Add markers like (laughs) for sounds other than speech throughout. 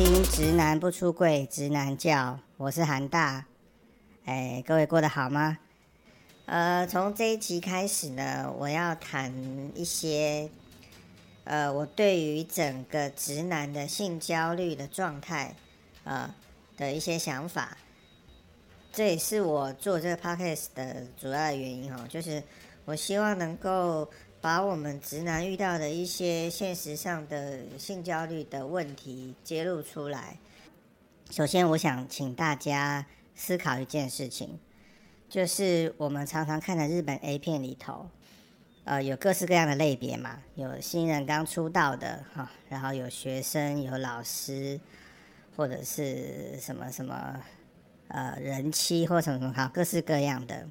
聽直男不出櫃，直男教，我是韓大。哎，各位過得好嗎？呃，從這一集開始呢，我要談一些，呃，我對於整個直男的性焦慮的狀態啊、呃、的一些想法。這也是我做這個 podcast 的主要的原因哦，就是我希望能夠。把我們直男遇到的一些現實上的性焦慮的問題揭露出來。首先，我想請大家思考一件事情，就是我們常常看的日本 A 片裡頭，呃，有各式各樣的類別嘛，有新人剛出道的哈，然後有學生、有老師，或者是什麼什麼，呃，人妻或什麼什麼，好，各式各樣的。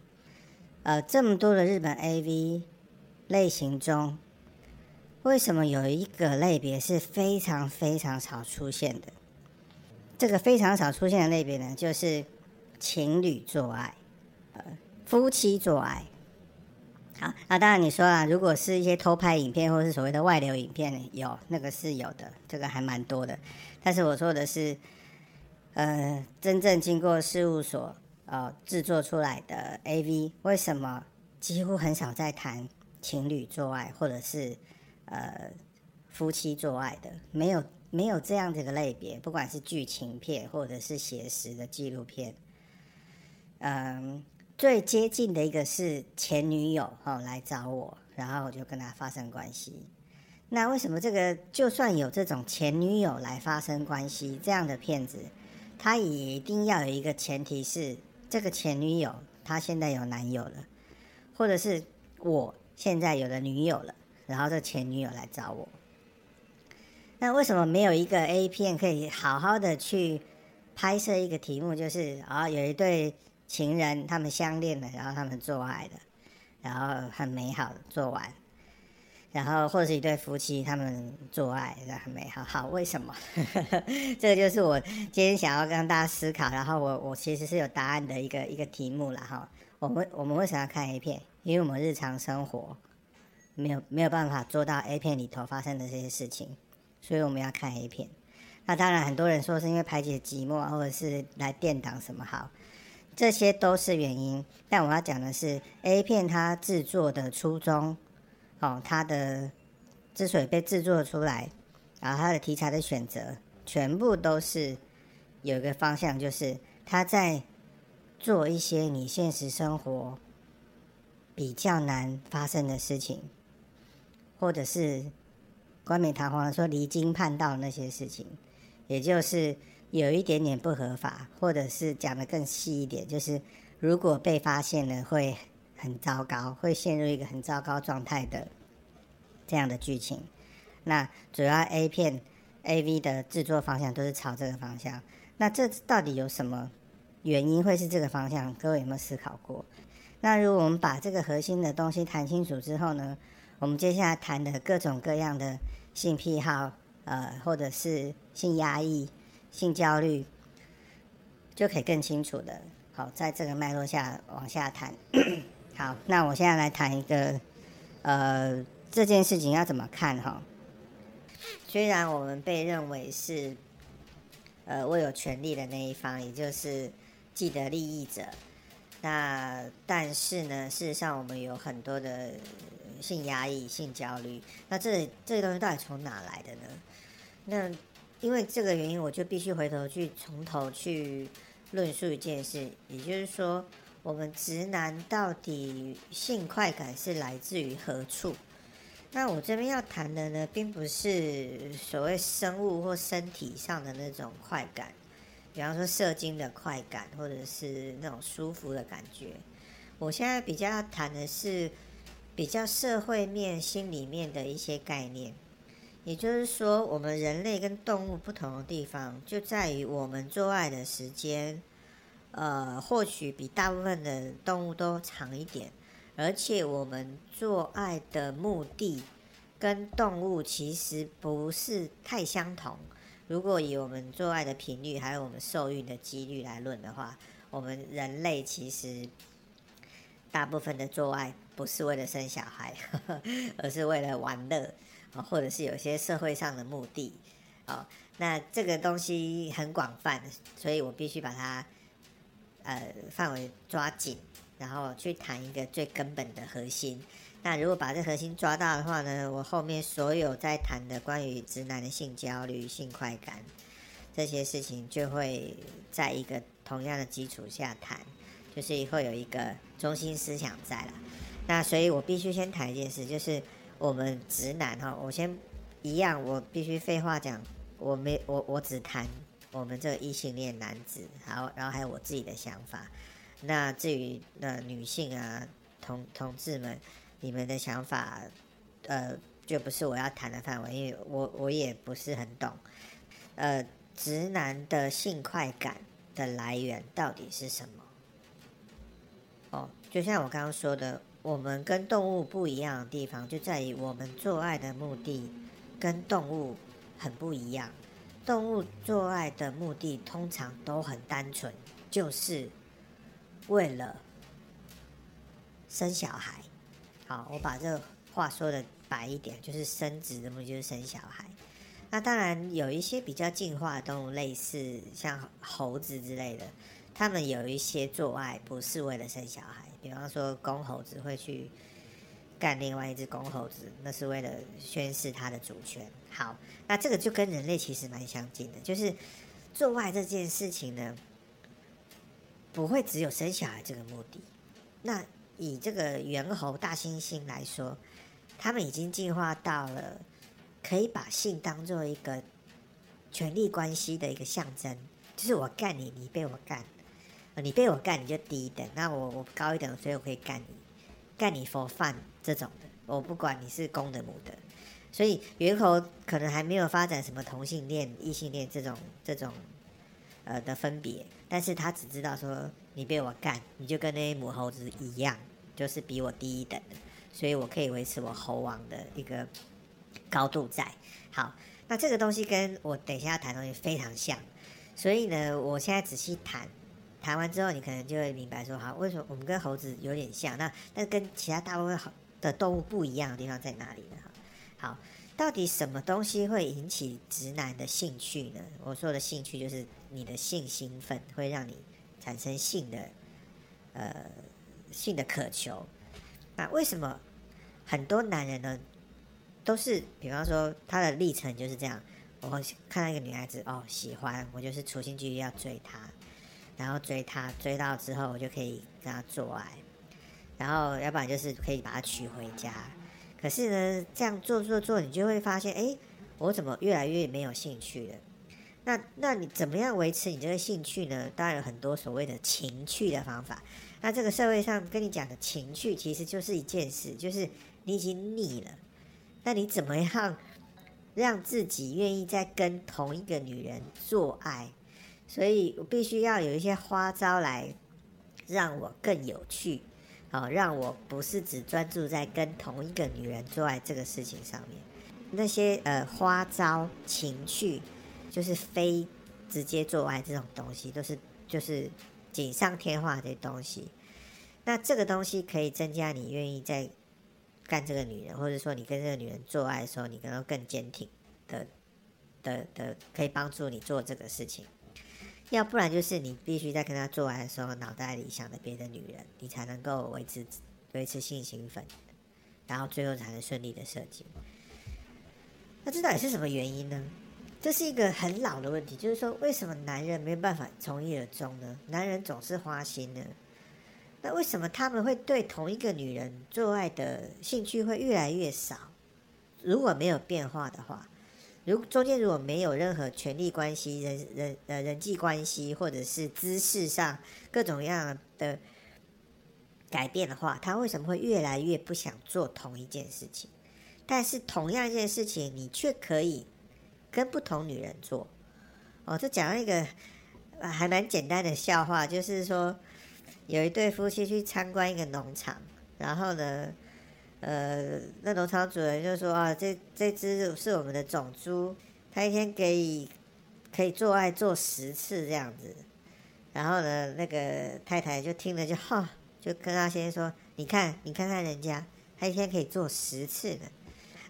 呃，這麼多的日本 AV。類型中，為什麼有一個類別是非常非常少出現的？這個非常少出現的類別呢，就是情侶做愛，呃，夫妻做愛。好，當然你說啊，如果是一些偷拍影片或是所謂的外流影片，有那個是有的，這個還蠻多的。但是我說的是，呃，真正經過事務所，呃，製作出來的 AV，為什麼幾乎很少在談？情侶做愛，或者是呃夫妻做愛的，沒有沒有這樣的類別。不管是劇情片，或者是寫實的紀錄片，嗯，最接近的一個是前女友哦，來找我，然後我就跟他發生關係。那為什麼這個就算有這種前女友來發生關係這樣的片子，他也一定要有一個前提是這個前女友她現在有男友了，或者是我。現在有了女友了，然後這前女友來找我。那為什麼沒有一個 A 片可以好好的去拍攝一個題目，就是啊、哦，有一對情人他們相戀了，然後他們做愛的，然後很美好的做完，然後或者是一對夫妻他們做愛，然後很美好。好，為什麼？ (laughs) 這個就是我今天想要跟大家思考，然後我我其實是有答案的一個一個題目了哈。我們我們為什麼要看 A 片？因為我們日常生活沒有沒有辦法做到 A 片裡頭發生的這些事情，所以我們要看 A 片。那當然，很多人說是因為排解寂寞啊，或者是來電檔什麼好，這些都是原因。但我要講的是，A 片它製作的初衷，哦，它的之所以被製作出來，然後它的題材的選擇，全部都是有一個方向，就是它在做一些你現實生活。比較難發生的事情，或者是冠冕堂皇的說離經叛道那些事情，也就是有一點點不合法，或者是講得更細一點，就是如果被發現了會很糟糕，會陷入一個很糟糕狀態的這樣的劇情。那主要 A 片、AV 的制作方向都是朝這個方向。那這到底有什麼原因會是這個方向？各位有沒有思考過？那如果我們把這個核心的東西談清楚之後呢，我們接下來談的各種各樣的性癖好，呃，或者是性壓抑、性焦慮，就可以更清楚的，好，在這個脈絡下往下談。 (coughs) 好，那我現在來談一個，呃，這件事情要怎麼看哈？雖然我們被認為是，呃，我有權利的那一方，也就是既得利益者。那但是呢，事實上我們有很多的性壓抑、性焦慮，那這這些東西到底從哪來的呢？那因為這個原因，我就必須回頭去從頭去論述一件事，也就是說，我們直男到底性快感是來自於何處？那我這邊要談的呢，並不是所謂生物或身體上的那種快感。比方說射精的快感，或者是那種舒服的感覺。我現在比較要談的是比較社會面、心裡面的一些概念。也就是說，我們人類跟動物不同的地方，就在於我們做愛的時間，呃，或許比大部分的動物都長一點，而且我們做愛的目的跟動物其實不是太相同。如果以我們做愛的頻率，還有我們受孕的幾率來論的話，我們人類其實大部分的做愛不是為了生小孩，呵呵，而是為了玩樂啊，或者是有些社會上的目的哦，那這個東西很廣泛，所以我必須把它呃範圍抓緊，然後去談一個最根本的核心。那如果把這核心抓到的話呢，我後面所有在談的關於直男的性焦慮、性快感這些事情，就會在一個同樣的基礎下談，就是以後有一個中心思想在了。那所以我必須先談一件事，就是我們直男哈，我先一樣，我必須廢話講，我沒我我只談我們這個異性戀男子，好，然後還有我自己的想法。那至於那女性啊，同同志們。你們的想法，呃，就不是我要談的範圍，因為我我也不是很懂。呃，直男的性快感的來源到底是什麼？哦，就像我剛剛說的，我們跟動物不一樣的地方就在於，我們做愛的目的跟動物很不一樣。動物做愛的目的通常都很單純，就是為了生小孩。好，我把這個話說得白一點，就是生殖的目的就是生小孩。那當然有一些比較進化的動物，類似像猴子之類的，他們有一些做愛不是為了生小孩。比方說，公猴子會去乾另外一隻公猴子，那是為了宣示它的主權。好，那這個就跟人類其實蠻相近的，就是做愛這件事情呢，不會只有生小孩這個目的。那。以這個猿猴、大猩猩來說，他們已經進化到了可以把性當做一個權力關係的一個象徵，就是我干你，你被我幹；呃，你被我幹你就低一等，那我我高一等，所以我可以干你，干你 for fun 這種的。我不管你是公的、母的，所以猿猴可能還沒有發展什麼同性戀、異性戀這種這種呃的分別，但是他只知道說。你被我幹，你就跟那些母猴子一樣，就是比我低一等的，所以我可以維持我猴王的一個高度在。好，那這個東西跟我等一下要談的東西非常像，所以呢，我現在仔細談，談完之後你可能就會明白說，好，為什麼我們跟猴子有點像？那那跟其他大部分好的動物不一樣的地方在哪裡呢？好，到底什麼東西會引起直男的興趣呢？我說的興趣就是你的性興奮，會讓你。產生性的，呃，性的渴求。那為什麼很多男人呢，都是，比方說他的歷程就是這樣，我看到一個女孩子，哦，喜歡我，就是處心積慮要追她，然後追她，追到之後我就可以跟她做愛，然後要不然就是可以把她娶回家。可是呢，這樣做做做，你就會發現，哎，我怎麼越來越沒有興趣了？那，那你怎麼樣維持你這個興趣呢？當然有很多所謂的情趣的方法。那這個社會上跟你講的情趣，其實就是一件事，就是你已經膩了。那你怎麼樣讓自己願意再跟同一個女人做愛？所以，我必須要有一些花招來讓我更有趣，好、哦，讓我不是只專注在跟同一個女人做愛這個事情上面。那些，呃，花招、情趣。就是非直接做愛這種東西，都是就是錦上添花的東西。那這個東西可以增加你願意在幹這個女人，或者說你跟這個女人做愛的時候，你能夠更堅挺的的的，可以幫助你做這個事情。要不然就是你必須在跟她做愛的時候，腦袋裡想着別的女人，你才能夠維持維持性興奮，然後最後才能順利的射精。那這到底是什麼原因呢？這是一個很老的問題，就是說，為什麼男人沒有辦法從一而終呢？男人總是花心呢？那為什麼他們會對同一個女人做愛的興趣會越來越少？如果沒有變化的話，如果中間如果沒有任何權力關係、人人呃人際關係或者是姿勢上各種樣的改變的話，他為什麼會越來越不想做同一件事情？但是同樣一件事情，你卻可以。跟不同女人做，哦，就講了一個還蠻簡單的笑話，就是說有一對夫妻去參觀一個農場，然後呢，呃，那農場主人就說啊，這這隻是我們的種豬，他一天可以可以做愛做十次這樣子。然後呢，那個太太就聽了就哈、哦，就跟他先生說，你看你看看人家，他一天可以做十次的。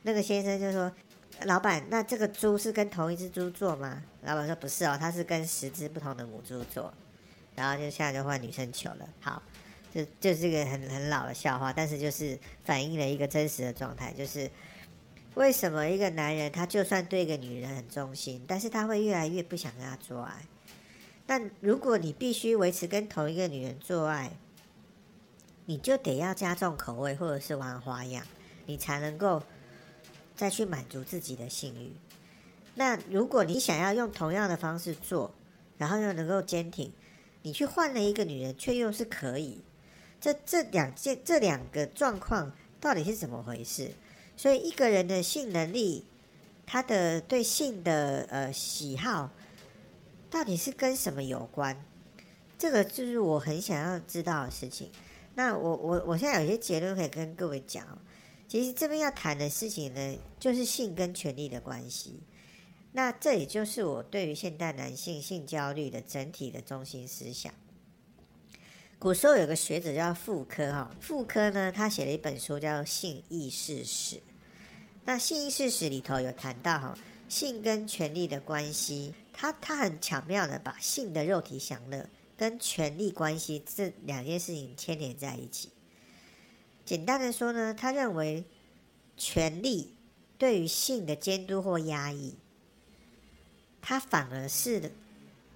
那個先生就說。老闆，那這個豬是跟同一隻豬做嗎？老闆說不是哦，他是跟十隻不同的母豬做，然後就現在就換女生球了。好，就就是一個很很老的笑話，但是就是反映了一個真實的狀態，就是為什麼一個男人他就算對一個女人很忠心，但是他會越來越不想跟她做愛。但如果你必須維持跟同一個女人做愛，你就得要加重口味或者是玩花樣，你才能夠。再去滿足自己的性慾。那如果你想要用同樣的方式做，然後又能夠堅挺，你去換了一個女人，卻又是可以，這這兩件這兩個狀況到底是怎麼回事？所以一個人的性能力，他的對性的呃喜好，到底是跟什麼有關？這個就是我很想要知道的事情。那我我我現在有一些結論可以跟各位講。其實這邊要談的事情呢，就是性跟權力的關係。那這也就是我對於現代男性性焦慮的整體的中心思想。古時候有個學者叫傅柯哈，傅柯呢，他寫了一本書叫《性意識史》。那《性意識史》裡頭有談到哈，性跟權力的關係，他他很巧妙的把性的肉體享樂跟權力關係這兩件事情牽連在一起。簡單的說呢，他認為，權力對於性的監督或壓抑，它反而是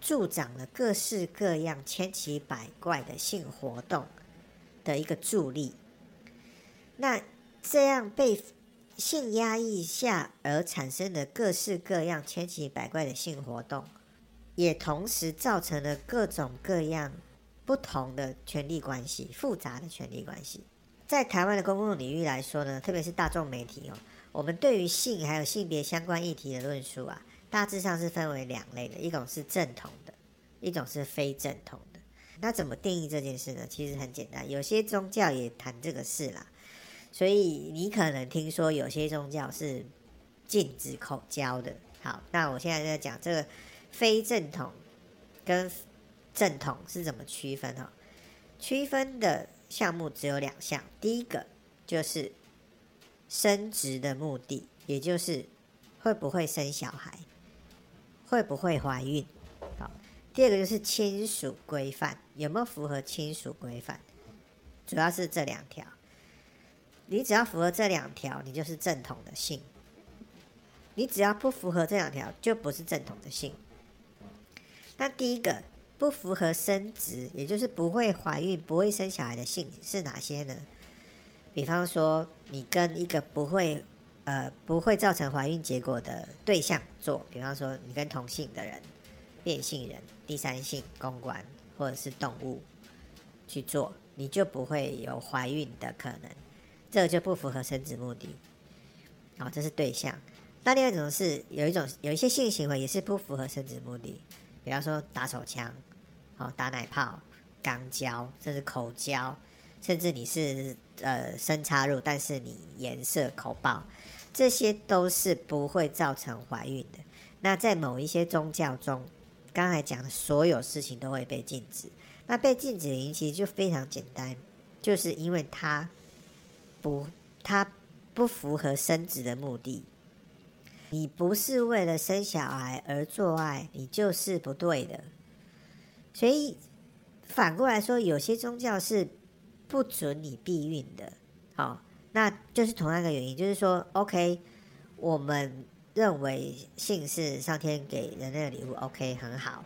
助長了各式各樣千奇百怪的性活動的一個助力。那這樣被性壓抑下而產生的各式各樣千奇百怪的性活動，也同時造成了各種各樣不同的權力關係，複雜的權力關係。在台灣的公共領域來說呢，特別是大眾媒體哦，我們對於性還有性別相關議題的論述啊，大致上是分為兩類的，一種是正統的，一種是非正統的。那怎麼定義這件事呢？其實很簡單，有些宗教也談這個事啦，所以你可能聽說有些宗教是禁止口交的。好，那我現在在講這個非正統跟正統是怎麼區分哈，區分的。項目只有兩項，第一個就是生殖的目的，也就是會不會生小孩，會不會懷孕。好，第二個就是親屬規範，有沒有符合親屬規範？主要是這兩條，你只要符合這兩條，你就是正統的性；你只要不符合這兩條，就不是正統的性。那第一個。不符合生殖，也就是不會懷孕、不會生小孩的性是哪些呢？比方說，你跟一個不會，呃，不會造成懷孕結果的對象做，比方說，你跟同性的人、變性人、第三性、公關或者是動物去做，你就不會有懷孕的可能，這個就不符合生殖目的。好、哦，這是對象。那另外一種是有一種有一些性行為也是不符合生殖目的，比方說打手槍。打奶泡、肛交，甚至口交，甚至你是呃深插入，但是你顏色口爆，這些都是不會造成懷孕的。那在某一些宗教中，剛才講的所有事情都會被禁止。那被禁止的原因其實就非常簡單，就是因為它不，它不符合生殖的目的。你不是為了生小孩而做愛，你就是不對的。所以反過來說，有些宗教，是不准你避孕的，哦，那就是同樣的原因，就是說，OK，我們認為性是上天給人類的禮物，OK，很好，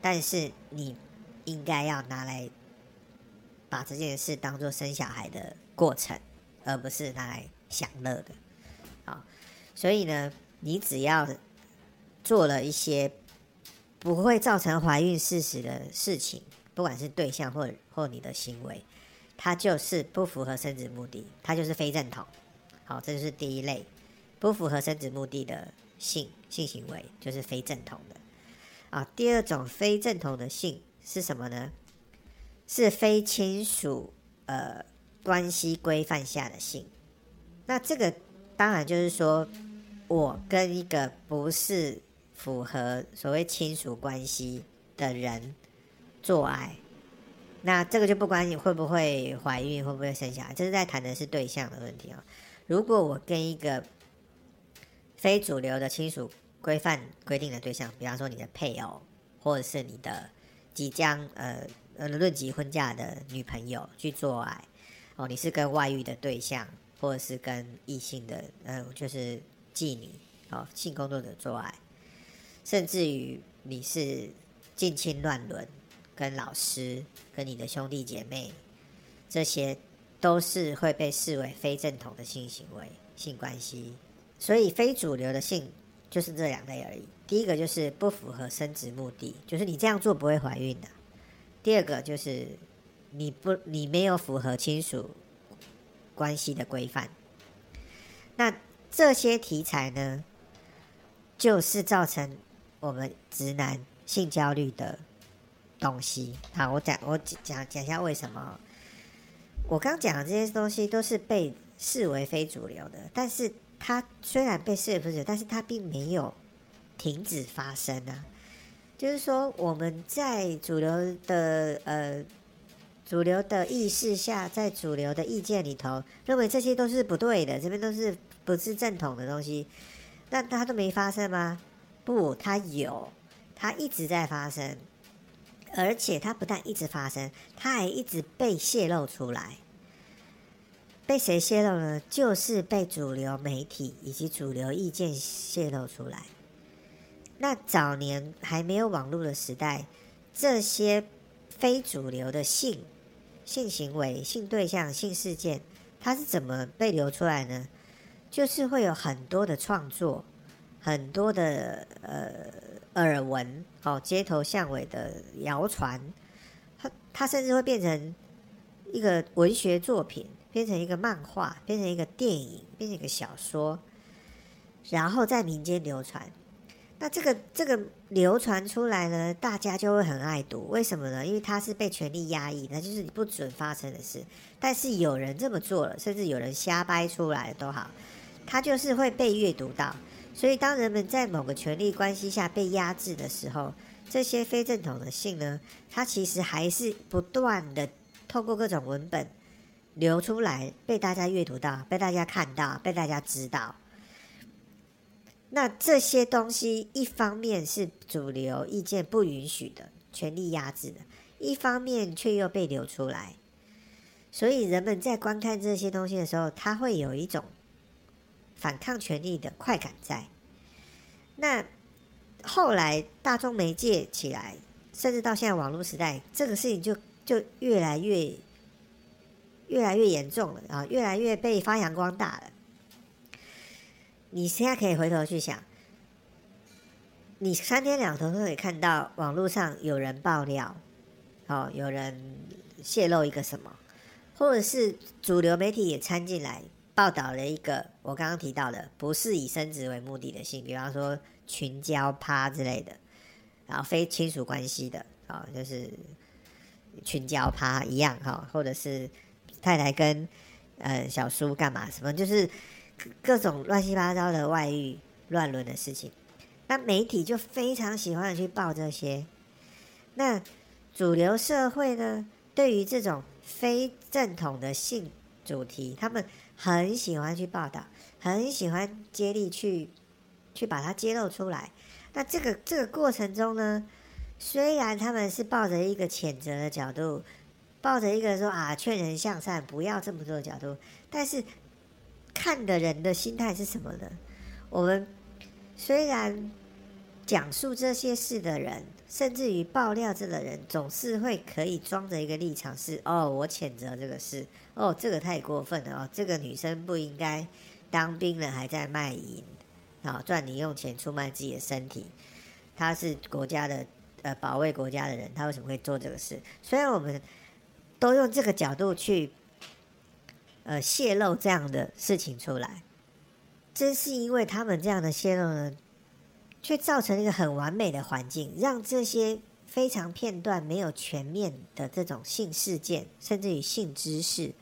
但是你應該要拿來把這件事當做生小孩的過程，而不是拿來享樂的，好，所以呢，你只要做了一些。不會造成懷孕事實的事情，不管是對象或或你的行為，它就是不符合生殖目的，它就是非正統。好，這就是第一類不符合生殖目的的性性行為，就是非正統的。啊，第二種非正統的性是什麼呢？是非親屬呃關係規範下的性。那這個當然就是說我跟一個不是。符合所謂親屬關係的人做愛，那這個就不管你會不會懷孕，會不會生小孩，這是在談的是對象的問題哦。如果我跟一個非主流的親屬規範規定的對象，比方說你的配偶，或者是你的即將呃呃論及婚嫁的女朋友去做愛，哦，你是跟外遇的對象，或者是跟異性的嗯、呃，就是妓女哦，性工作者做愛。甚至於你是近親亂倫，跟老師、跟你的兄弟姐妹，這些都是會被視為非正統的性行為、性關係。所以非主流的性就是這兩類而已。第一個就是不符合生殖目的，就是你這樣做不會懷孕的；第二個就是你不、你沒有符合親屬關係的規範。那這些題材呢，就是造成我們直男性焦慮的東西，好，我講，我講講一下為什麼。我剛講的這些東西都是被視為非主流的，但是它雖然被視為非主流，但是它並沒有停止發生啊。就是說，我們在主流的，呃，主流的意識下，在主流的意見裡頭，認為這些都是不對的，這邊都是不是正統的東西，那它都沒發生嗎？不，它有，它一直在發生，而且它不但一直發生，它還一直被洩露出來。被誰洩露呢？就是被主流媒體以及主流意見洩露出來。那早年還沒有網絡的時代，這些非主流的性、性行為、性對象、性事件，它是怎麼被流出來呢？就是會有很多的創作。很多的呃耳聞，哦，街頭巷尾的謠傳，它它甚至會變成一個文學作品，變成一個漫畫，變成一個電影，變成一個小說，然後在民間流傳。那這個這個流傳出來呢，大家就會很愛讀，為什麼呢？因為它是被權力壓抑，那就是你不准發生的事，但是有人這麼做了，甚至有人瞎掰出來的都好，它就是會被閱讀到。所以，當人們在某個權力關係下被壓制的時候，這些非正統的性呢，它其實還是不斷的通過各種文本流出來，被大家閱讀到，被大家看到，被大家知道。那這些東西一方面是主流意見不允許的、權力壓制的，一方面卻又被流出來。所以，人們在觀看這些東西的時候，他會有一種反抗權力的快感在那，後來大眾媒介起來，甚至到現在網絡時代，這個事情就就越來越越來越嚴重了啊、哦，越來越被發揚光大了。你現在可以回頭去想，你三天兩頭都可以看到網絡上有人爆料，哦，有人洩露一個什麼，或者是主流媒體也摻進來。報道了一個我剛剛提到的不是以生殖為目的的性，比方說群交趴之類的，然後非親屬關係的，啊、哦，就是群交趴一樣哈、哦，或者是太太跟、呃、小叔幹嘛什麼，就是各種亂七八糟的外遇、亂倫的事情。那媒體就非常喜歡去報這些。那主流社會呢，對於這種非正統的性主題，他們很喜歡去報道，很喜歡接力去去把它揭露出來。那這個這個過程中呢，雖然他們是抱着一個譴責的角度，抱着一個說啊勸人向善不要這麼做的角度，但是看的人的心態是什麼呢？我們雖然講述這些事的人，甚至於爆料這個人，總是會可以裝着一個立場是哦，我譴責這個事。哦，這個太過分了哦！這個女生不應該當兵了，還在賣淫，啊、哦，賺零用錢出賣自己的身體。她是國家的，呃，保衛國家的人，她為什麼會做這個事？雖然我們都用這個角度去，呃，洩露這樣的事情出來，正是因為他們這樣的洩露呢，卻造成了一個很完美的環境，讓這些非常片段、沒有全面的這種性事件，甚至於性知識，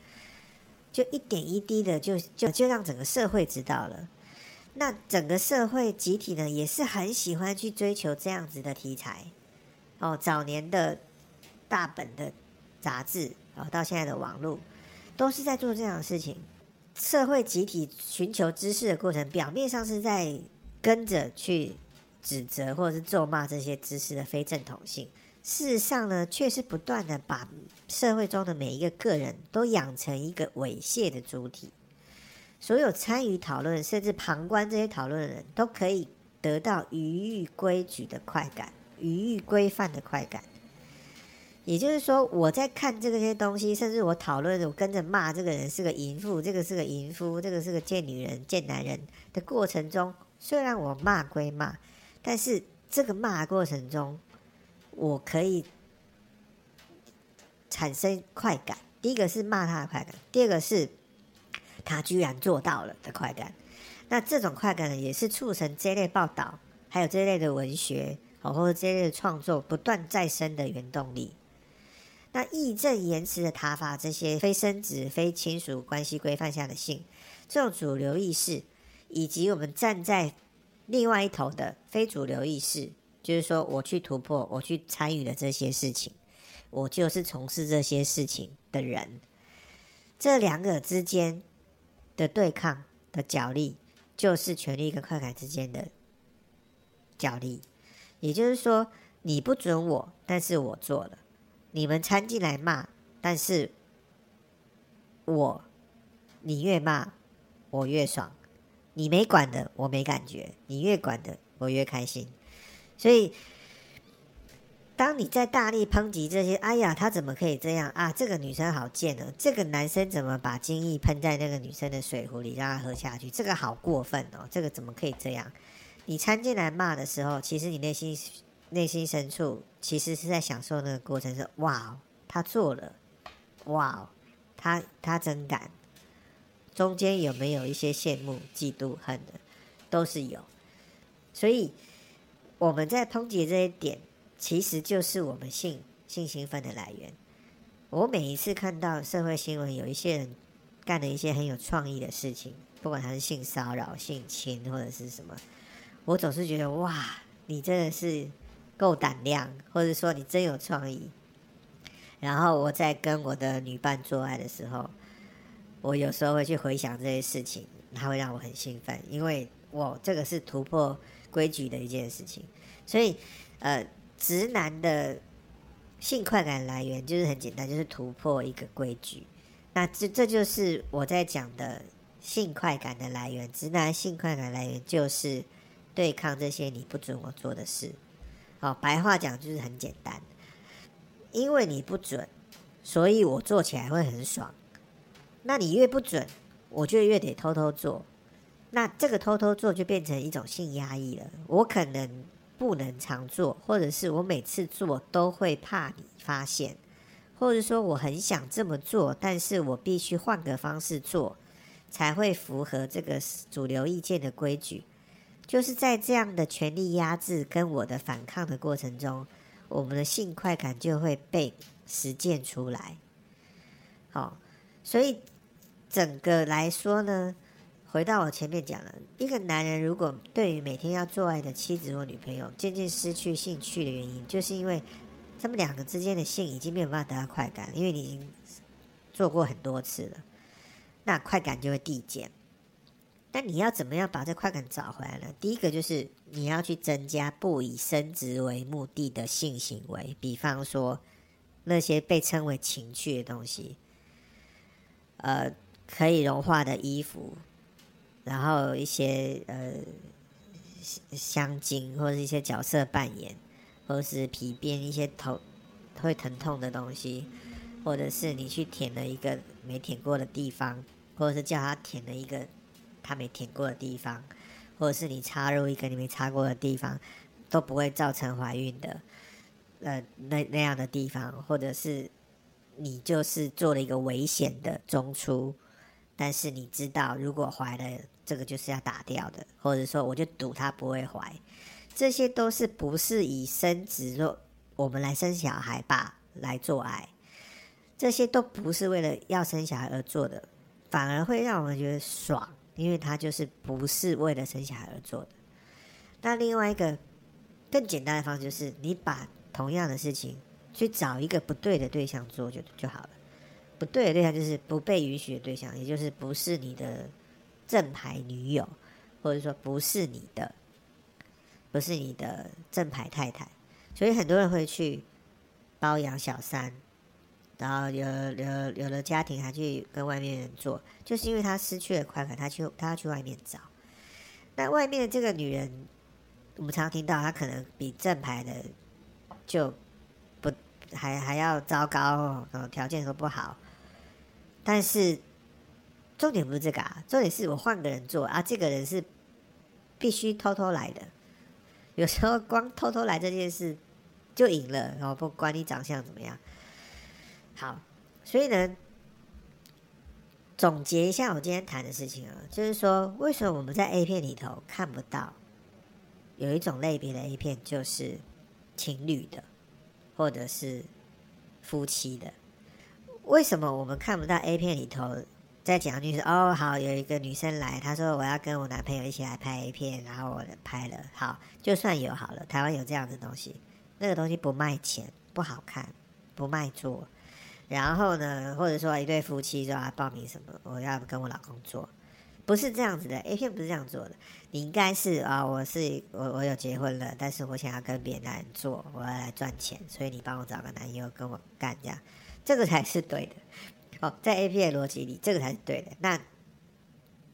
就一點一滴的就，就就就讓整個社會知道了。那整個社會集體呢，也是很喜歡去追求這樣子的題材。哦，早年的大本的雜誌，然、哦、後到現在的網絡，都是在做這樣的事情。社會集體尋求知識的過程，表面上是在跟着去指責或者是咒罵這些知識的非正統性，事實上呢，卻是不斷的把。社會中的每一個個人都養成一個猥褻的主體，所有參與討論甚至旁觀這些討論的人都可以得到逾越規矩的快感、逾越規範的快感。也就是說，我在看這些東西，甚至我討論、我跟着罵這個人是個淫婦，這個是個淫夫，這個是個賤女人、賤男人的過程中，雖然我罵歸罵，但是這個罵過程中，我可以。產生快感，第一個是罵他的快感，第二個是他居然做到了的快感。那這種快感呢，也是促成這類報道，還有這類的文學哦，或者這類的創作不斷再生的原動力。那義正言辭的撻伐這些非生殖、非親屬關係規範下的性，這種主流意識，以及我們站在另外一頭的非主流意識，就是說我去突破，我去參與的這些事情。我就是從事這些事情的人，這兩者之間的對抗的角力，就是權力跟快感之間的角力。也就是說，你不准我，但是我做了；你們摻進來罵，但是我，你越罵我越爽，你沒管的我沒感覺，你越管的我越開心，所以。當你在大力抨擊這些，哎呀，他怎麼可以這樣啊？這個女生好賤哦，這個男生怎麼把精液噴在那個女生的水壺裡，讓她喝下去？這個好過分哦，這個怎麼可以這樣？你參進來罵的時候，其實你內心內心深處其實是在享受那個過程，是哇，他做了，哇，他他真敢。中間有沒有一些羨慕、嫉妒、恨的，都是有。所以我們在抨擊這些點。其實就是我們性性興奮的來源。我每一次看到社會新聞，有一些人幹了一些很有創意的事情，不管他是性騷擾、性侵或者是什麼，我總是覺得哇，你真的是夠膽量，或者說你真有創意。然後我在跟我的女伴做愛的時候，我有時候會去回想這些事情，它會讓我很興奮，因為我這個是突破規矩的一件事情，所以呃。直男的性快感來源就是很簡單，就是突破一個規矩。那這這就是我在講的性快感的來源。直男性快感來源就是對抗這些你不准我做的事。好，白話講就是很簡單，因為你不准，所以我做起來會很爽。那你越不准，我就越得偷偷做。那這個偷偷做就變成一種性壓抑了。我可能。不能常做，或者是我每次做都會怕你發現，或者說我很想這麼做，但是我必須換個方式做，才會符合這個主流意見的規矩。就是在這樣的權力壓制跟我的反抗的過程中，我們的性快感就會被實踐出來。好，所以整個來說呢。回到我前面講了，一個男人如果對於每天要做愛的妻子或女朋友漸漸失去興趣的原因，就是因為他們兩個之間的性已經沒有辦法得到快感，因為你已經做過很多次了，那快感就會遞減。但你要怎麼樣把這快感找回來呢？第一個就是你要去增加不以生殖為目的的性行為，比方說那些被稱為情趣的東西，呃，可以融化的衣服。然後一些呃香精，或者一些角色扮演，或者是皮鞭一些頭會疼痛的東西，或者是你去舔了一個沒舔過的地方，或者是叫他舔了一個他沒舔過的地方，或者是你插入一個你沒插過的地方，都不會造成懷孕的。呃，那那樣的地方，或者是你就是做了一個危險的中出。但是你知道，如果懷了，這個就是要打掉的，或者說我就賭他不會懷，這些都是不是以生殖，說我們來生小孩吧，來做愛，這些都不是為了要生小孩而做的，反而會讓我們覺得爽，因為他就是不是為了生小孩而做的。那另外一個更簡單的方式就是，你把同樣的事情去找一個不對的對象做就就好了。不對的對象就是不被允許的對象，也就是不是你的正牌女友，或者說不是你的，不是你的正牌太太。所以很多人會去包養小三，然後有有有了家庭還去跟外面人做，就是因為他失去了快感，他去，他要去外面找。那外面的這個女人，我們常聽到她可能比正牌的就不還還要糟糕，嗯，條件都不好。但是，重點不是這個啊，重點是我換個人做啊，這個人是必須偷偷來的。有時候光偷偷來這件事就贏了，然後不管你長相怎麼樣。好，所以呢，總結一下我今天談的事情啊，就是說為什麼我們在 A 片裡頭看不到有一種類別的 A 片，就是情侶的或者是夫妻的。為什麼我們看不到 A 片裡頭在講就是哦好有一個女生來她說我要跟我男朋友一起來拍 A 片然後我拍了好就算有好了台灣有這樣的東西那個東西不賣錢不好看不賣座然後呢或者說一對夫妻說啊報名什麼我要跟我老公做不是這樣子的 A 片不是這樣做的你應該是啊、哦、我是我我有結婚了但是我想要跟別的男人做我要來賺錢所以你幫我找個男友跟我幹這樣。這個才是對的，哦，在 A 片的邏輯裡，這個才是對的。那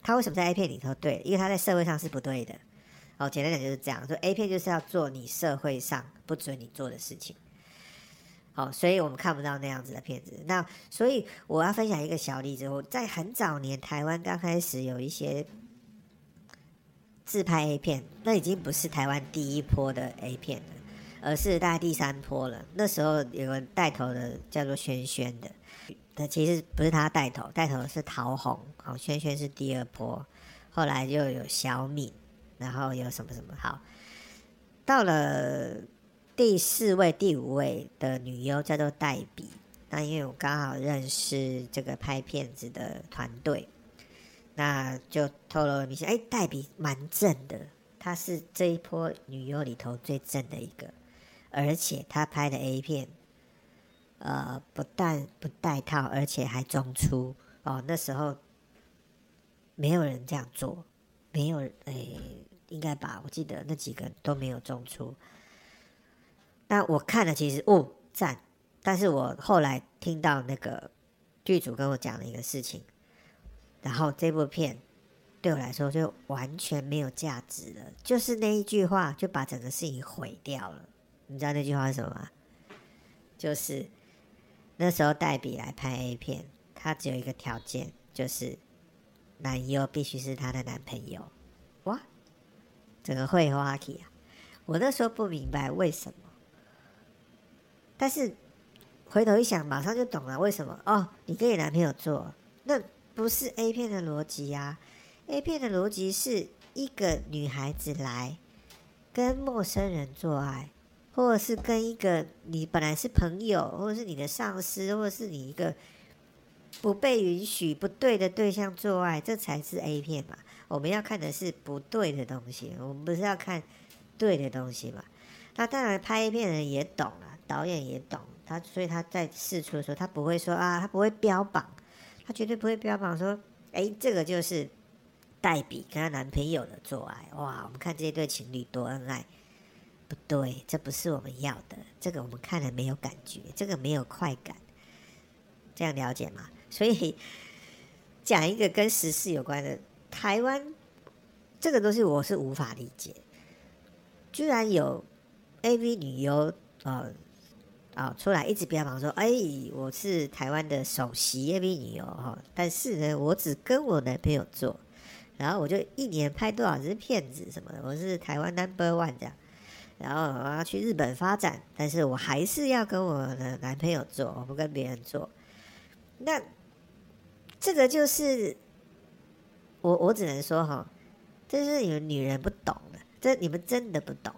他為什麼在 A 片裡頭對？因為他在社會上是不對的。好，簡單講就是這樣，說 A 片就是要做你社會上不准你做的事情。好，所以我們看不到那樣子的片子。那所以我要分享一個小例子，我在很早年台灣剛開始有一些自拍 A 片，那已經不是台灣第一波的 A 片了。而是大概第三波了。那時候有個帶頭的叫做萱萱的，但其實不是他帶頭，帶頭的是桃紅。好，萱萱是第二波，後來又有小敏，然後有什麼什麼好。到了第四位、第五位的女優叫做黛比。那因為我剛好認識這個拍片子的團隊，那就透露一下，哎、欸，黛比蠻正的，她是這一波女優裡頭最正的一個。而且他拍的 A 片，呃，不但不戴套，而且還中出哦。那時候沒有人這樣做，沒有誒、哎，應該吧？我記得那幾個都沒有中出。那我看了，其實哦讚，但是我後來聽到那個劇組跟我講了一個事情，然後這部片對我來說就完全沒有價值了，就是那一句話就把整個事情毀掉了。你知道那句話是什麼嗎？就是那時候黛比來拍 A 片，她只有一個條件，就是男優必須是她的男朋友。哇，整個會花痴啊！我那時候不明白為什麼，但是回頭一想，馬上就懂了為什麼。哦，你跟你男朋友做，那不是 A 片的邏輯啊！A 片的邏輯是一個女孩子來跟陌生人做愛。或者是跟一個你本來是朋友，或者是你的上司，或者是你一個不被允許、不對的對象做愛，這才是 A 片嘛。我們要看的是不對的東西，我們不是要看對的東西嘛。那當然，拍 A 片的人也懂啊，導演也懂他，所以他在試出的時候，他不會說啊，他不會標榜，他絕對不會標榜說，哎，這個就是黛比跟她男朋友的做愛。哇，我們看這對情侶多恩愛。不對，這不是我們要的。這個我們看了沒有感覺，這個沒有快感，這樣了解嗎？所以講一個跟時事有關的，台灣這個東西我是無法理解，居然有 AV 女優啊啊出來一直標榜說：“哎，我是台灣的首席 AV 女優哈！”但是呢，我只跟我男朋友做，然後我就一年拍多少隻片子什麼的，我是台灣 Number One 這樣。然後我要去日本發展，但是我還是要跟我的男朋友做，我不跟別人做。那這個就是我我只能說哈，這是你們女人不懂的，這你們真的不懂。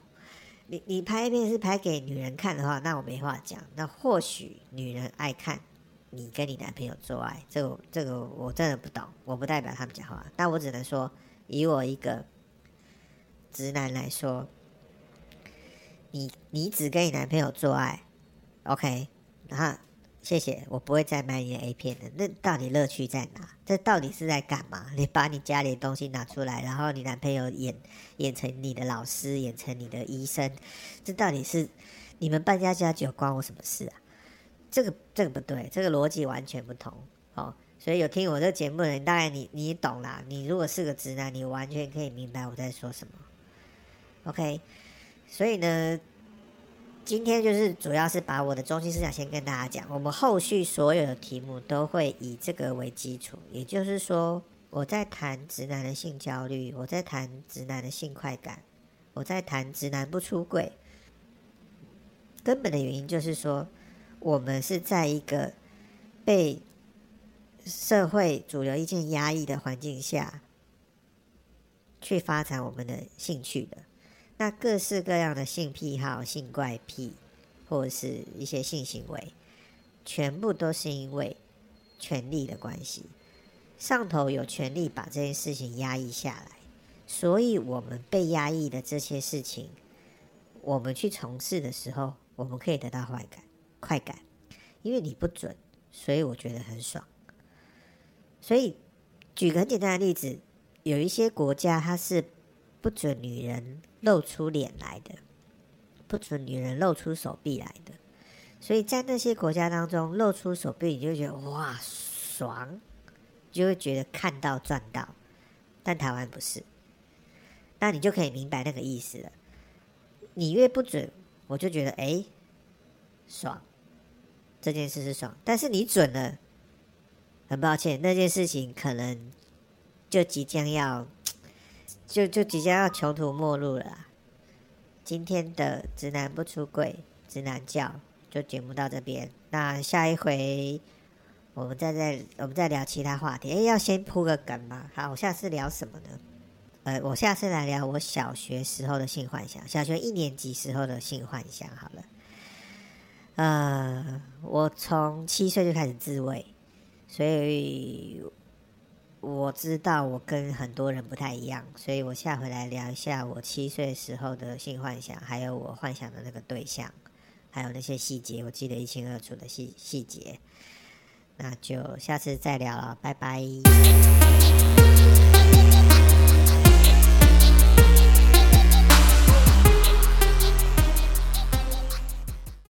你你拍 A 片是拍給女人看的話，那我沒話講。那或許女人愛看你跟你男朋友做愛，這個這個我真的不懂，我不代表他們講話。但我只能說，以我一個直男來說。你你只跟你男朋友做愛，OK，啊，謝謝，我不會再買你的 A 片了。那到底樂趣在哪？這到底是在幹嘛？你把你家裡的東西拿出來，然後你男朋友演演成你的老師，演成你的醫生，這到底是你們扮家家酒關我什麼事啊？這個這個不對，這個邏輯完全不同哦。所以有聽我這個節目的，當然你你懂啦。你如果是個直男，你完全可以明白我在說什麼。OK。所以呢，今天就是主要是把我的中心思想先跟大家講。我們後續所有的題目都會以這個為基礎，也就是說，我在談直男的性焦慮，我在談直男的性快感，我在談直男不出櫃，根本的原因就是說，我們是在一個被社會主流意見壓抑的環境下去發展我們的興趣的。那各式各樣的性癖好、性怪癖，或者是一些性行為，全部都是因為權力的關係，上頭有權力把這件事情壓抑下來，所以我們被壓抑的這些事情，我們去從事的時候，我們可以得到快感、快感，因為你不准，所以我覺得很爽。所以，舉個很簡單的例子，有一些國家它是不准女人，露出臉來的，不准女人露出手臂來的，所以在那些國家當中，露出手臂你就覺得哇爽，就會覺得看到賺到，但台灣不是，那你就可以明白那個意思了。你越不准，我就覺得誒，爽，這件事是爽，但是你准了，很抱歉，那件事情可能就即將要。就就即將要窮途末路了。今天的直男不出櫃，直男教就節目到這邊。那下一回我們再再我們再聊其他話題。哎、欸，要先鋪個梗吧。好，我下次聊什麼呢？呃，我下次來聊我小學時候的性幻想，小學一年級時候的性幻想。好了，呃，我從七歲就開始自慰，所以。我知道我跟很多人不太一樣，所以我下回來聊一下我七歲時候的性幻想，還有我幻想的那個對象，還有那些細節，我記得一清二楚的細細節。那就下次再聊了，拜拜。